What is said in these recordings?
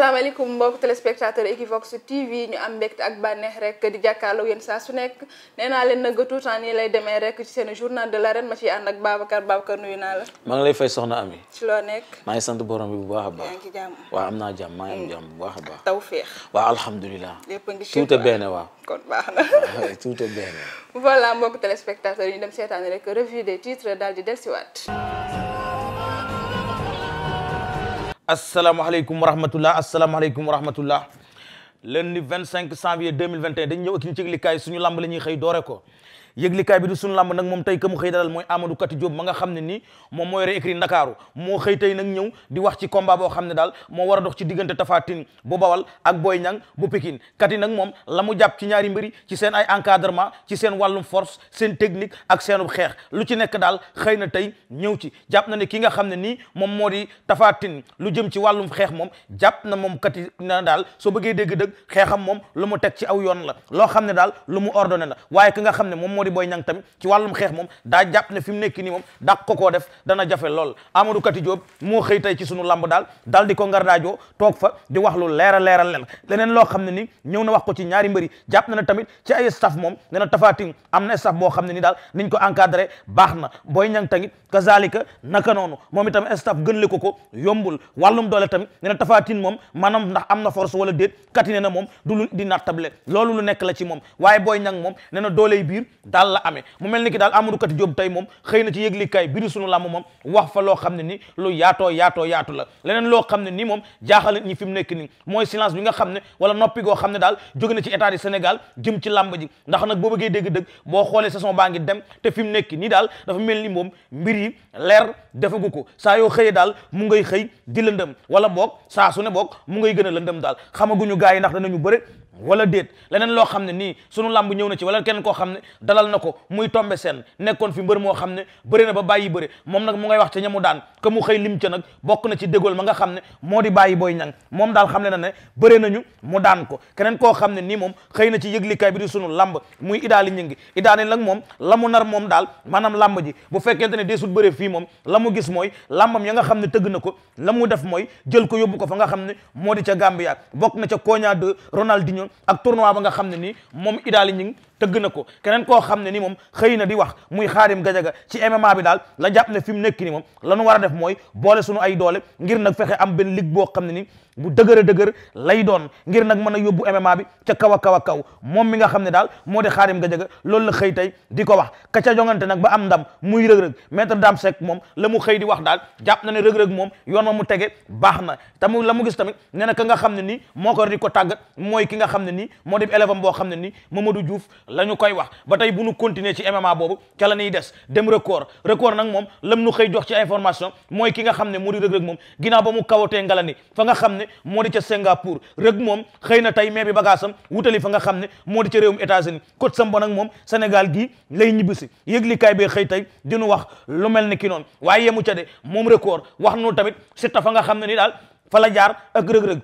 asalaamaaleykum mbokk téléspectateur Equivox TV ñu am mbégte ak bànneex rek di jàkkaarloo yéen saa su nekk nee naa leen nag tout temps nii lay demee rek ci seen journal de l'arène ma ciy ànd ak Babacar Babacar nuyu naa la. maa ngi lay fay soxna Ami. ci loo nekk. maa ngi sant borom bi bu baax a baax. yaa ngi ci jàmm waaw am naa jàmm maa ngi am mm. jàmm bu baax a baax. tawféex waaw alhamdulilah. lépp a ngi si tuute benn waaw. kon baax na tuute benn. voilà mbokk téléspectateur yi ñu dem seetaan rek revue des titres daal di dellusiwaat. asalaamaaleykum wa rahmatullah asalaamaaleykum wa rahmatullah lundi 25 janvier 2021 dañ ñëw ak ñu ci yëglikaay suñu lamb la ñuy xëy doore ko yëglikaay bi du sunu làmb nag moom tey ka mu xëy dalal mooy Amadou Kati Diop ma nga xam ne nii moom moo yore écrit Ndakaaru moo xëy tey nag ñëw di wax ci combat boo xam ne daal moo war a dox ci diggante Tapha Tine bu Bawal ak nag moom la mu jàpp ci ñaari mbiri ci seen ay encadrement ci seen wàllum force seen technique ak seenub xeex lu ci nekk daal xëy na tey ñëw ci jàpp na ne ki nga xam ne nii moom moo di Tapha lu jëm ci wàllum xeex moom jàpp na moom Kati na daal soo bëggee dégg dëgg xeexam moom lu mu teg ci aw yoon la loo xam ne daal lu mu ordonné la waaye ki nga xam ne moom moo di di Boy Niang tamit ci wàllum xeex moom daa jàpp ne fi moom daa ko koo def dana jafe lool Amadou Kati Diop moo xëy tey ci sunu lamb daal daal di ko ngar daajoo toog fa di wax lu leer a leer a leer leneen loo xam ne ni ñëw na wax ko ci ñaari mbëri jàpp na ne tamit ci ay staff moom ne na tafaatin am na staff boo xam ne ni daal niñ ko encadré baax na Boy Niang tamit kazalika naka noonu moom itam staff gën le ko ko yombul wàllum doole tamit ne na tafaatin moom maanaam ndax am na force wala déet na moom du lu di nattable loolu lu nekk la ci moom waaye daal la amee mu mel ni ki daal Amadou Kati Diop tey moom xëy na ci yëglikaay bi di sunu làmb moom wax fa loo xam ne ni loo yaatoo yaatoo yaatu la leneen loo xam ne ni moom jaaxal ñi fi mu nekk nii mooy silence bi nga xam ne wala noppi goo xam ne daal jóge na ci état du Sénégal jëm ci làmb ji ndax nag boo bëggee dégg-dëgg boo xoolee saison baa ngi dem te fi mu ni nii daal dafa mel ni moom mbir yi leer defagu ko saa yoo xëyee daal mu ngay xëy di lëndëm wala boog saa su ne boog ngay gën a lëndëm daal xamaguñu gars yi ndax danañu bëre wala déet leneen loo xam ne nii sunu làmb ñëw na ci wala keneen koo xam ne dalal na ko muy tombe seen nekkoon fi mbër moo xam ne bëri na ba bàyyi bëri moom nag mu ngay wax ca ñamu daan que mu xëy lim nag bokk na ci dégool ma nga xam ne moo di bàyyi booy ñang moom daal xam ne na ne bëri nañu mu daan ko keneen koo xam ne nii moom xëy na ci yëglikaay bi di sunu làmb muy idaali ñëngi idaali nag moom la mu nar moom daal maanaam lamb ji bu fekkente ne deesut bëree fii moom la mu gis mooy làmbam ya nga xam ne tëgg na ko la mu def mooy jël ko yóbbu ko fa nga xam ne moo di ca Gambia bokk na ca Konya de Ronaldinho ak tournoi ba nga xam ne ni moom idaali ñi ngi tëgg na ko keneen koo xam ne ni moom xëy na di wax muy xaarim gajaga ci MMA bi daal la jàpp ne fi mu nekk ni moom la ñu war a def mooy boole suñu ay doole ngir nag fexe am benn ligue boo xam ne ni bu dëgër a lay doon ngir nag mën a yóbbu MMA bi ca kaw kaw a kaw moom mi nga xam ne moo di xaarim gajaga loolu la xëy tey di ko wax ka ca jongante nag ba am ndam muy rëg-rëg maître Dame Seck moom la mu xëy di wax daal jàpp na ne rëg-rëg moom yoon ma mu tege baax na tamu la mu gis tamit nee na nga xam ne nii moo ko di ko tàggat mooy ki nga xam nii moo di élève boo xam ne nii Mamadou Diouf la ñu koy wax ba tey bu nu continuer ci MMA boobu ca la ñuy des dem record record nag moom lam nu xëy jox ci information mooy ki nga xam ne moo di rëg-rëg moom ginnaaw ba mu kawatee ngalani fa nga xam ne moo di ca Singapour rëg moom xëy na tey mais bi bagaasam wutali fa nga xam ne moo di ca réewum États-Unis coach sam ba nag moom Sénégal gii lay ñibbisi yëglikaay bee xëy tey dinu wax lu mel ni ki noon waaye yemu ca de moom record wax nu tamit surtout fa nga xam ne ni daal fa la jaar ak rëg-rëg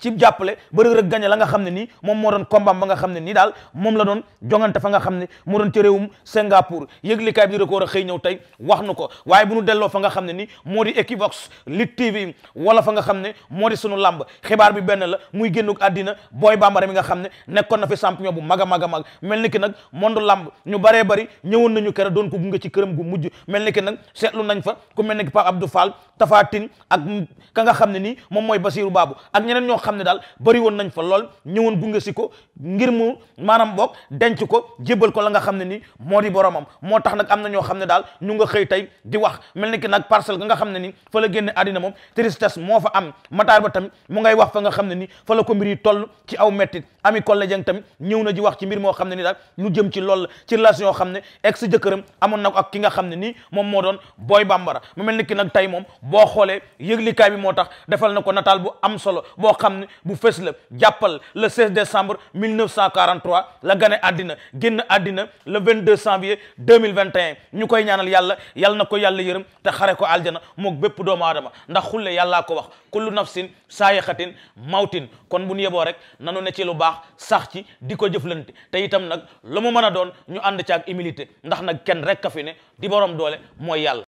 ci jàppale ba Reug Reug gagné la nga xam ne nii moom moo doon combat ba nga xam ne nii daal moom la doon jongante fa nga xam ne moo doon ci réewum Singapour yëglikaay bi di record a xëy ñëw tey wax nu ko waaye bu nu delloo fa nga xam ne nii moo di Equivox Lit TV wala fa nga xam ne moo di sunu làmb xibaar bi benn la muy génnug addina Boy Bambara mi nga xam ne nekkoon na fi champion bu mag a mag a mag mel ni ki nag mondu làmb ñu baree bari ñëwoon nañu ker doon ko gunge ci këram gu mujj mel ni ki nag seetlu nañ fa ku mel ni ki Pape Abdou Fall ak ka nga xam ne moom mooy Basirou xam ne daal bëri woon nañ fa lool ñëwoon gunge si ko ngir mu maanaam boog denc ko jébbal ko la nga xam ne ni moo di boromam moo tax nag am na ñoo xam ne daal ñu nga xëy tey di wax mel ni ki nag parcelle ga nga xam ne ni fa la génne àddina moom tristesse moo fa am mataar ba tamit mu ngay wax fa nga xam ne ni fa la ko mbir yi toll ci aw mettit ami collège jang tamit ñëw na ji wax ci mbir moo xam ne ni daal lu jëm ci lool ci relation yoo xam ne ex jëkkëram amoon na ko ak ki nga xam ne nii moom moo doon booy bambara mu mel ni ki nag tey moom boo xoolee yëglikaay bi moo tax defal na ko nataal bu am solo xam xam ne bu fees la jàppal le 16 décembre 1943 la gane àddina génn àddina le 22 janvier 2021 ñu koy ñaanal yàlla yàlla na ko yàlla yërëm te xare ko aljana mook bépp doomu aadama ndax xulle yàllaa ko wax kullu nafsin saayixatin mawtin kon bu ñu yeboo rek nanu ne ci lu baax sax ci di ko jëflante te itam nag lu mu mën a doon ñu ànd ci ak humilité ndax nag kenn rek ka fi ne di borom doole mooy yàlla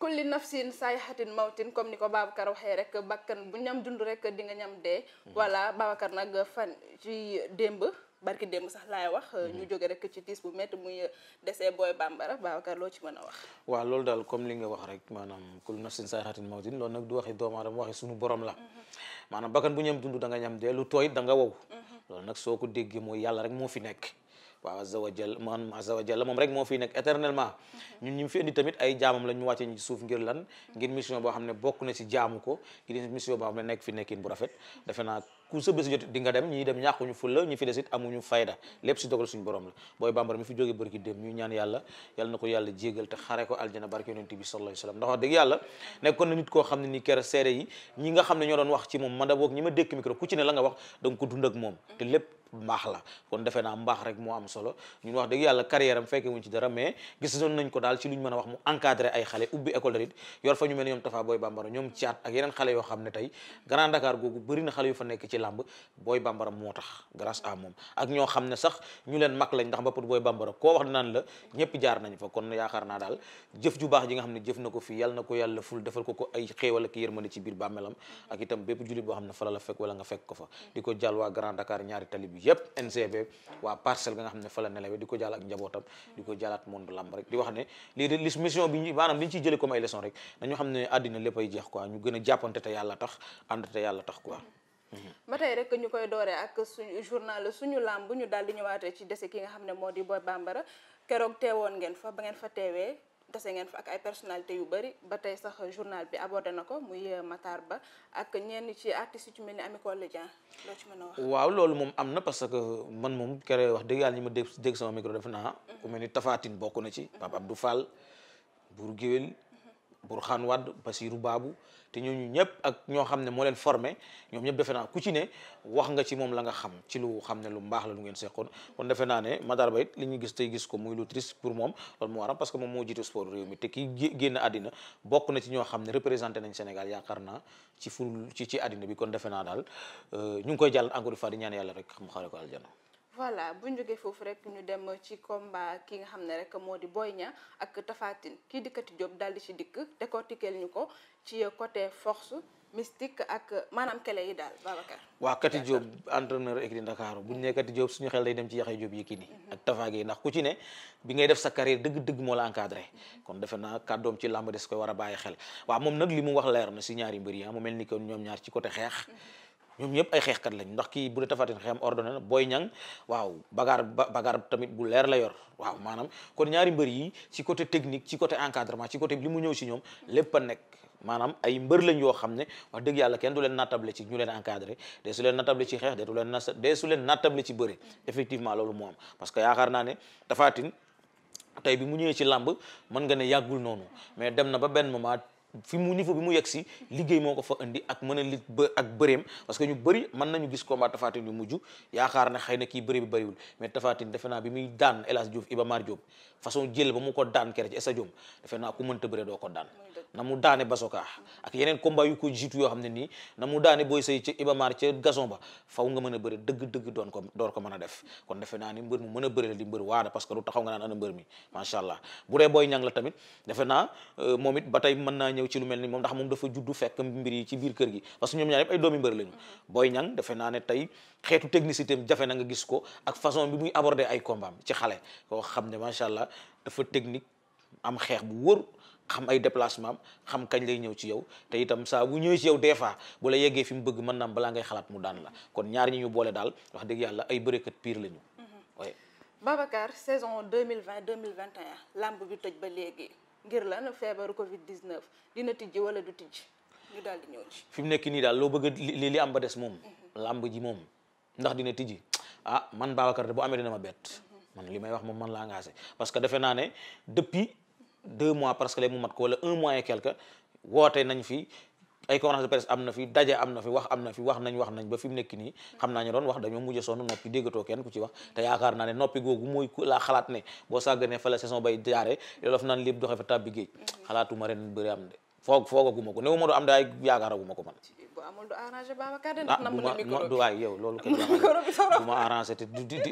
kulli nafsin sayhatin mawtin comme ni ko Babacar waxee rek bakkan bu ñam dund rek di nga ñam dee hmm. voilà Babacar nag fan ci démb barki démb sax laay wax hmm. ñu jóge rek ci tiis bu métti muy desee booy bambara Babacar loo ci mën a wax waaw lool daal comme li nga wax rek maanaam kullu nafsin sayhatin mawtin loolu nag du waxi doomu aadama waxi suñu borom la hmm. maanaam bakkan bu ñam dund da nga ñam de lu tooy da nga wow loolu nag soo ko déggee yàlla rek moo fi nekk waaw azza wa jal man moom rek moo fi nekk éternellement mhm. ñun ñu fi indi tamit ay jaamam la ñu wàccee suuf ngir lan mhm. ngir mission boo xam ne bokk na ci jaamu ko ngir mission boo xam ne nekk fi nekkin bu rafet mhm. defe naa ku la ci ne la nga wax danga ko dund ak moom te lépp mbaax la kon defe naa mbaax rek moo am solo ñun wax dëgg yàlla carrière am fekke wuñ ci dara mais gisoon nañ ko daal ci luñ mën a wax mu encadré ay xale yoo xam ne tey Grand Dakar googu bëri xale yu fa nekk ci làmb booy bambara moo tax grâce à moom ak ñoo xam ne sax ñu leen mag lañ ndax mbapat booy bambara koo wax naan la ñëpp jaar nañ fa kon yaakaar naa daal jëf ju baax ji nga xam ne jëf na ko na ko yàlla ful defal la fekk wala nga fekk ko fa di ko jàll ak njabootam di ko jàllaat monde làmb rek di wax ne lii de lis mission bi maanaam li ñu ciy jële comme ay leçon rek nañu xam ne àddina léppay jeex quoi ñu gën a jàppante te yàlla tax ànd te yàlla tax quoi ba tey rek ñu koy dooree ak suñu journal suñu làmb ñu daal di ñëwaatee ci dese ki nga xam ne moo di Boy Bambara keroog teewoon ngeen fa ba ngeen fa teewee dese ngeen fa ak ay personnalité yu bëri ba tey sax journal bi abordé na ko muy euh, mataar Ba ak ñenn ci artistes yu ci mel ni Ami Collé Dieng loo ci mën waaw loolu moom am na parce que man moom keroog wax dëgg yàlla ñi ma dégg sama micro def naa. Mhm. ku mel ni Tafatine bokk na ci. Pape Abdou Fall. Bour Guéwél pour Bourkhane Wade Basirou Babou te ñooñu ñëpp ak ñoo xam ne moo leen formé ñoom ñëpp defe naa ku ci ne wax nga ci moom la nga xam ci lu xam ne lu mbaax la lu ngeen seekoon kon defe naa ne Matar Ba it li ñu gis tey gis ko muy lu triste pour moom loolu moo waral parce que moom moo jiitu sport réew mi te ki génn àddina bokk na ci ñoo xam ne représenté nañ Sénégal yaakaar naa ci ful ci ci àddina bi kon defe naa daal euh, ñu ngi koy jàll encore une fois di ñaan yàlla rek xam xaare ko voilà bu ñu jógee foofu rek ñu dem ci combat ki nga xam ne rek moo di Boy Niang ak Tapha Tine kii dikkati Diop daal di ci dikk décortiquer ñu ko ci côté force mystique ak maanaam kele yi daal Babacar. waaw Kati Diop entraîneur écurie bu ñu nee Kati Diop suñu xel day dem ci Yaxya Diop Yékini mhm. ak Tapha Guèye ndax ku ci ne bi ngay def sa carrière dëgg-dëgg moo la encadré mhm. kon defe naa kàddoom ci làmb des koy war a bàyyi xel waa moom nag li mu wax leer na si ñaari mbir yi ah, mel ni que ñoom ñaar ci côté xeex. Mhm. ñoom ñëpp ay xeexkat lañ ndax kii bu dee Tapha Tine xeexam ordonné na Boy Niang waaw bagaar bagaar tamit bu leer la yor waaw maanaam kon ñaari mbër yi ci côté technique ci côté encadrement ci côté li mu ñëw ci ñoom lépp a nekk maanaam ay mbër lañ yoo xam ne wax dëgg yàlla du leen nattable ci ñu leen encadré dee su leen nattable ci xeex dee du leen dee su leen nattable ci bëre effectivement loolu moo am parce que yaakaar naa ne Tapha Tine tey bi mu ñëwee ci làmb man nga ne yàggul noonu mais dem na ba benn moment fi mu niveau bi mu yegg si liggéey moo ko fa indi ak mën a li ak bëreem parce que ñu bëri mën nañu gis combat Tafatine yu mujj yaakaar ne xëy na kii bëri bi bëriwul mais Tafatine defe naa bi muy daan El Hadj Diouf Iba Mar Diop façon jël ba mu ko daan kere ci stadium defe naa ku mënta bëre doo ko daan na mu daane basoka ak yeneen combat yu ko jiitu yoo xam ne nii na mu daane booy say ca Ibamar ca gazon ba faw nga mën a bëri dëgg-dëgg doon ko door ko mën a def kon defe naa ni mbër mu mën a bëri la di mbër waada que du taxaw nga naan ana mbër mi macha allah bu dee booy naa euh, moom it ba tey mën naa ñëw ci lu mel ni moom ndax moom dafa juddu fekk mbir yi ci biir kër gi parce que ñoom ñaar yëpp ay doomi mbër lañu booy ñang defe naa ne tey xeetu technicité am jafe na nga gis ko ak façon bi muy aborder ay combaam ci xale koo xam ne macha allah dafa technique am xeex bu wóor xam ay déplacement am xam kañ lay ñëw ci yow te itam saa bu ñëwee ci yow des fois bu la yeggee fi mu bëgg mën naam balaa ngay xalaat mu daan la kon ñaar ñi ñu boole daal wax dëgg yàlla ay bëreekat pire la ñu waaye mm-hmm. Babacar saison 2020 2021 lamb bi tëj ba léegi ngir lan feebaru covid 19 dina tijji wala du tijji ñu daal fi mu nekk nii daal loo bëgg li li am ba des moom mm-hmm. lamb ji moom ndax dina tijji ah man Babacar de bu amee dina ma bett mm-hmm. man li may wax moom man laa engagé deux mois parce que léegi mu mat ko wala un mois et quelque woote nañ fi ay conférence de am na fi daje am na fi wax am na fi wax nañ wax nañ ba fi mu nekk nii xam naa ñu doon wax dañoo mujj soon noppi déggatoo kenn ku ci wax te yaakaar naa ne noppi googu mooy laa xalaat ne boo sàgganee fa la saison bay jaare loolu daf naan lépp doxe fa tàbbi géej xalaatuma ren bëri am de foog foogaguma ko néew ma du am daay yaakaaraguma ko man bu amul du arrangé Babacar de ah, ndax ma arrangé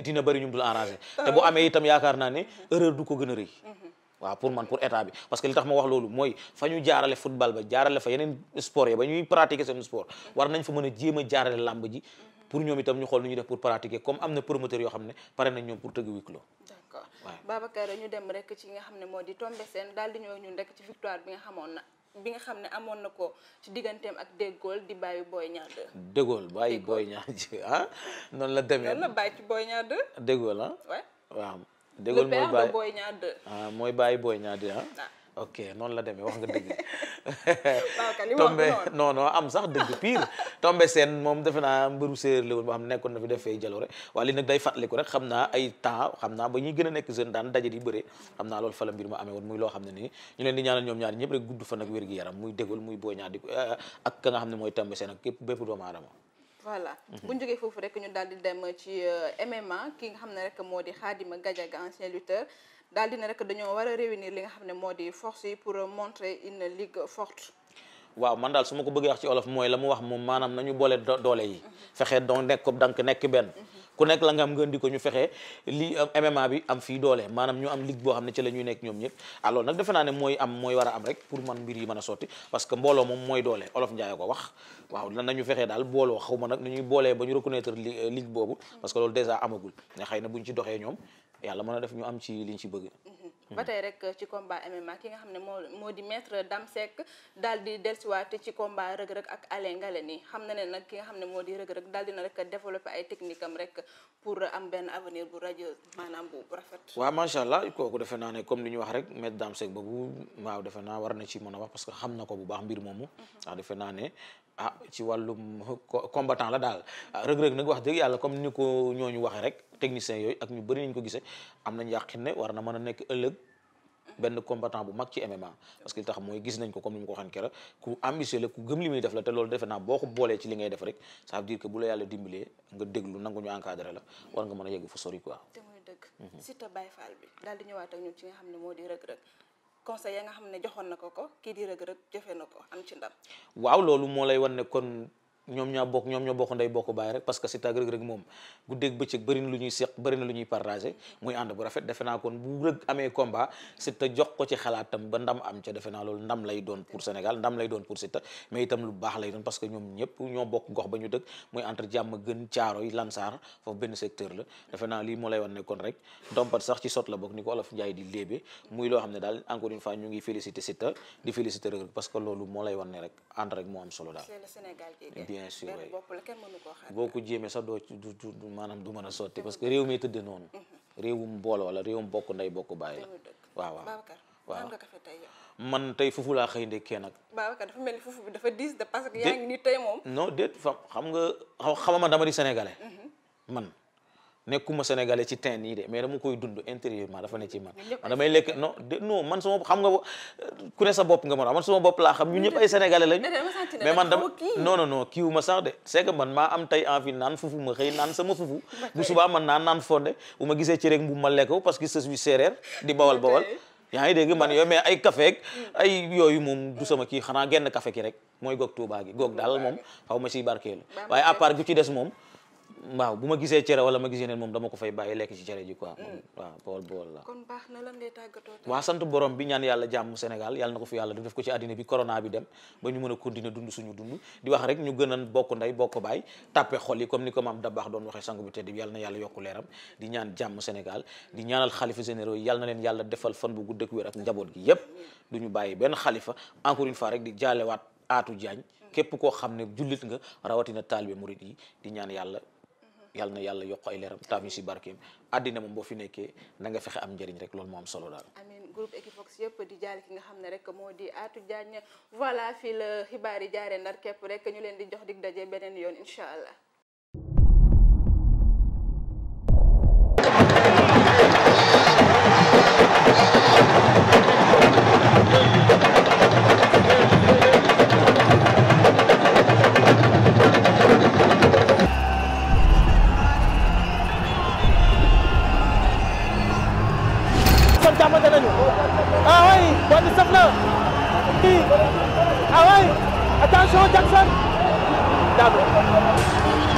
dina bëri ñu dul arrangé bu amee itam yaakaar naa ne mhm. erreur du ko gën a rëy mhm. waaw pour man pour état bi parce que li tax ma wax loolu mooy fa ñu jaarale football ba jaarale fa yeneen sport ya ba ñuy pratiquer seen sport war nañ fa mën a jéem a jaarale làmb ji pour ñoom itam ñu xool nu ñu def pour pratiquer comme am na promoteur yoo xam ne pare nañ ñoom pour tëgg huis clos d'accord waaw Babacar ñu dem rek nga xam ne moo di tombé seen daal di ñëw ñun rek ci victoire na bi nga xam ne amoon na ko ci digganteem ak déggool di bàyyi booy ñaar de. déggool bàyyi booy ñaar ah noonu la demee. noonu la bàyyi ci booy ñaar de. déggool ah. déggool ah, mooy bàyyi Boy Niang 2 ah mooy bàyyi booy Niang 2 ah ok noonu la demee wax nga dëgg tombe non non am sax dëgg pire tombe seen moom defe naa mbëru séeréer la woon boo ne nekkoon na fi def fay jaloore waaye li nag day rek xam naa ay temps xam naa ba ñuy gën a nekk jeune daan daje di bëre xam naa loolu fala la mbir ma amee woon muy loo xam ne nii ñu leen di ñaanal ñoom ñaar ñëpp rek gudd fan ak wér-gi-yaram muy dégul muy Boy Niang di eh, ak ka nga xam ne mooy tombe seen ak képp bépp doomu aadama voilà mhm. bu ñu jógee foofu rek ñu daal di dem ci euh, MMA ki nga xam ne rek moo di Khadima Gadiaga ancien lutteur daal di ne rek dañoo war a réunir li nga xam ne moo di force yi pour montrer une ligue forte waaw man daal su ma ko bëggee wax ci olof mooy la mu wax moom maanaam nañu boole doole yi fexe donc nekk ko dank nekk benn ku nekk la nga am ngeen ko ñu fexe li euh, MMA bi fii doole maanaam ñu am ligue boo xam ne ci la ñuy nekk ñoom ñëpp alors nag defe naa ne mooy am mooy am rek pour man mbir mën a sotti parce que moom mooy doole olof Njaay ko wax waaw lan nañu fexee daal xaw ma nag nu ñuy boolee ba ñu reconnaître euh, ligue boobu parce que loolu déjà amagul na buñ ci doxee ñoom yàlla mën a def ñu am ci ñu ci bëgg Mm-hmm. ba rek ci combat MMA ki nga xam ne moo moo di maître Dame Seck daal di dellusiwaat ci combat rëg-rëg ak Alain Ngalani xam na ne nag ki nga xam ne moo di rëg-rëg daal dina rek développer ay technique am rek pour am benn avenir bu rajo maanaam bu rafet. waaw macha allah kooku defee naa ne comme li ñu wax rek maître Dame Seck boobu waaw defe naa war na ci mën a parce que xam na ko bu baax mbir moomu. Mm-hmm. waaw naa ne ah ci wàllum combattant la daal ah, rëg-rëg nag wax dëgg yàlla comme ni ko ñooñu waxe rek technicien yooyu ak ñu bëri nañ ko gisee am nañ yàqin ne war na mën a nekk ëllëg benn combattant bu mag ci MMA parce que tax mooy gis nañ ko comme ni mu ko waxee keroog ku ambitieux la ku gëm li def la te loolu defe naa boo ko boolee ci li ngay def rek ça veut dire bu la yàlla dimbalee nga déglu nangu ñu encadré la war nga mën a yegg fu sori quoi. te muy dëgg. Mhm. Siteu Baye Fall bi daal di ñëwaat ak ci nga xam ne moo di Reug Reug conseil ya nga xam ne joxoon na ko ko kii di Reug Reug jëfee na ko am ci ndam. waaw loolu moo ñoom ñaa bokk ñoom ñoo bokk ndey bokk bàyyi rek parce que Siteu ak Reug Reug moom guddeeg bëccëg bëri na lu ñuy seq bëri na lu ñuy partagé muy ànd bu rafet defe naa kon bu Reug amee combat Siteu jox ko ci xalaatam ba ndam am ca defe naa loolu ndam lay doon pour Sénégal ndam lay doon pour Siteu mais itam lu baax lay doon parce que ñoom ñëpp ñoo bokk gox ba ñu dëkk muy entre jàmm gën caaro yi Lansar foofu benn secteur la defe naa lii moo lay wan ne kon rek dompat sax ci sot la bokk ni ko Olof Njaay di léebe muy loo xam ne daal encore une fois ñu ngi félicité Siteu di félicité Reug Reug parce que loolu moo lay wan ne rek ànd rek moo am solo daal bien sûr boo ko jéemee sax doo du du maanaam du mën a sotti parce que réew mi tëdd noonu mhm. réewum bool wala réewum bokk ndey bokk bàyyi la waaw waaw waaw man tey fufu laa xëy ndekkee nag. Babacar dafa mel ni fufu bi dafa diis de parce que yaa ngi nii tey moom. non déet fa xam nga xaw xamama dama di sénégalais mhm. man. nekkuma sénégalais ci teint nii de mais dama koy dund intérieurement dafa ne ci man man damay lekk non de non man sama xam nga ku ne sa bopp nga mën man sama bopp laa xam ñun ñëpp ay sénégalais lañu mais man dama non non non kiiwu ma sax de man maa am tey envie naan fufu ma xëy naan sama fufu bu subaa man naan naan fonde bu ma gisee ci rek mbubu ma lekk parce que je suis séeréer di bawal bawal yaa ngi dégg man yooyu mais ay café ak mm. ay yooyu moom du sama kii xanaa genn kafe ki rek mooy goog Touba gi goog daal moom xaw ma si barkeelu waaye à part ci des moom waaw bu ma gisee cere wala ma gisee neen moom dama ko fay bàyyi lekk ci cere ji quoi mm. waaw bool bool la kon baax na lan ngay tàggatoo waaw sant borom bi ñaan yàlla jàmm Sénégal yàlla na ko fi yàlla def ko ci àddina bi corona bi dem ba ñu mën a continuer dund suñu dund di wax rek ñu gën a bokk ndey bokk baay tàppe xol yi comme ni ko maam Dabax doon waxee sangu bi tedd bi yàlla na yàlla yokku leeram di ñaan jàmm Sénégal di ñaanal xalifa généraux yi yàlla na leen yàlla defal fan bu gudd ak wér ak njaboot gi yépp du ñu bàyyi benn xalifa encore une fois rek di jaalewaat aatu jaañ mm. képp koo xam ne jullit nga rawatina taalibe murit yi di ñaan yàlla yàlla na yàlla yokk ay leeram taam ñu si barkeem àddina moom boo fi nekkee nanga fexe am njariñ rek loolu moo am solo daal amiin groupe Equivox yëpp di jaale ki nga xam ne rek moo di Atou Diagne voilà fii la xibaar yi jaaree ndar képp rek ñu leen di jox dig daje beneen yoon incha allah Ah ouais Attention Jackson D'accord.